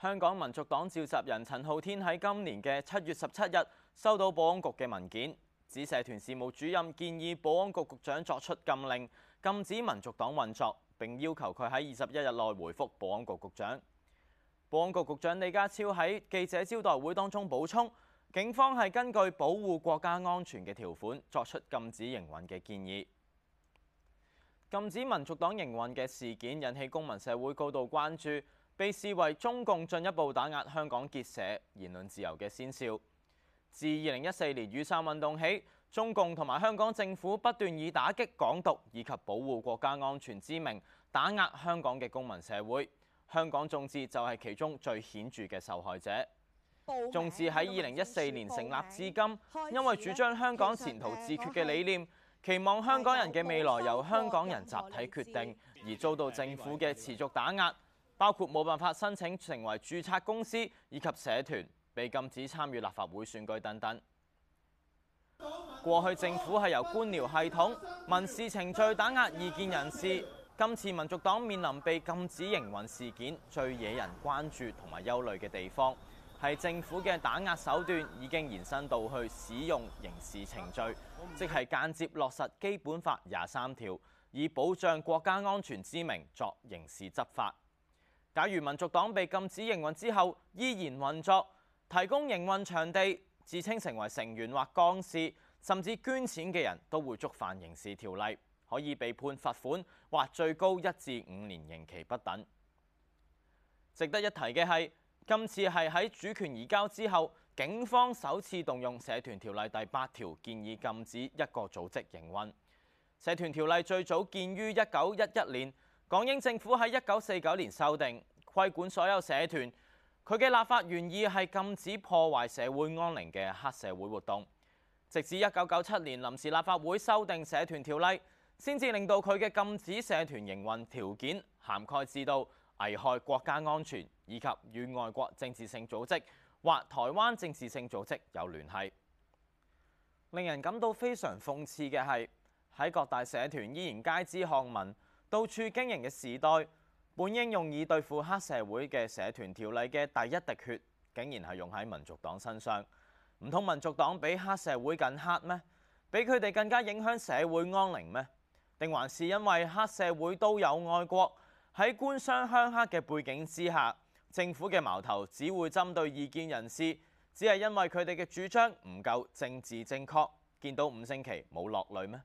香港民族黨召集人陳浩天喺今年嘅七月十七日收到保安局嘅文件，指社團事務主任建議保安局局長作出禁令，禁止民族黨運作，並要求佢喺二十一日內回覆保安局局長。保安局局長李家超喺記者招待會當中補充。警方係根據保護國家安全嘅條款作出禁止營運嘅建議。禁止民族黨營運嘅事件引起公民社會高度關注，被視為中共進一步打壓香港結社言論自由嘅先兆。自二零一四年雨傘運動起，中共同埋香港政府不斷以打擊港獨以及保護國家安全之名打壓香港嘅公民社會，香港眾志就係其中最顯著嘅受害者。仲自喺二零一四年成立至今，因為主張香港前途自決嘅理念，期望香港人嘅未來由香港人集體決定，而遭到政府嘅持續打壓，包括冇辦法申請成為註冊公司以及社團，被禁止參與立法會選舉等等。過去政府係由官僚系統民事程序打壓異見人士，今次民族黨面臨被禁止營運事件，最惹人關注同埋憂慮嘅地方，係政府嘅打壓手段已經延伸到去使用刑事程序，即係間接落實《基本法》廿三條，以保障國家安全之名作刑事執法。假如民族黨被禁止營運之後，依然運作、提供營運場地、自稱成為成員或幹事，甚至捐錢嘅人都會觸犯刑事條例，可以被判罰款或最高一至五年刑期不等。值得一提嘅係，今次係喺主權移交之後，警方首次動用社團條例第八條，建議禁止一個組織營運。社團條例最早建於一九一一年，港英政府喺一九四九年修訂，規管所有社團。佢嘅立法原意係禁止破壞社會安寧嘅黑社會活動。直至一九九七年臨時立法會修訂社團條例，先至令到佢嘅禁止社團營運條件涵蓋至到危害國家安全，以及與外國政治性組織或台灣政治性組織有聯繫。令人感到非常諷刺嘅係，喺各大社團依然街知巷聞，到處經營嘅時代，本應用以對付黑社會嘅社團條例嘅第一滴血，竟然係用喺民族黨身上。唔通民族黨比黑社會更黑咩？比佢哋更加影響社會安寧咩？定還是因為黑社會都有愛國？喺官商鄉黑嘅背景之下，政府嘅矛頭只會針對異見人士，只係因為佢哋嘅主張唔夠政治正確。見到五星旗冇落淚咩？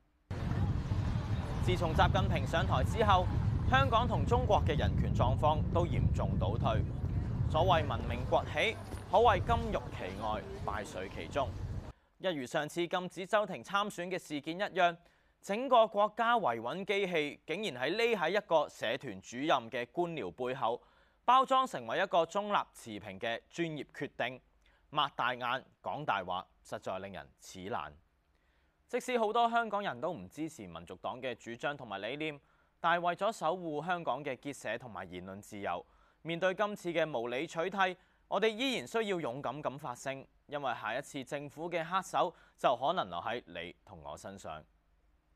自從習近平上台之後，香港同中國嘅人權狀況都嚴重倒退。所謂文明崛起，可謂金玉其外，敗絮其中。一如上次禁止周庭參選嘅事件一樣。整個國家維穩機器竟然喺匿喺一個社團主任嘅官僚背後包裝成為一個中立持平嘅專業決定，擘大眼講大話，實在令人齒冷。即使好多香港人都唔支持民族黨嘅主張同埋理念，但係為咗守護香港嘅結社同埋言論自由，面對今次嘅無理取締，我哋依然需要勇敢咁發聲，因為下一次政府嘅黑手就可能留喺你同我身上。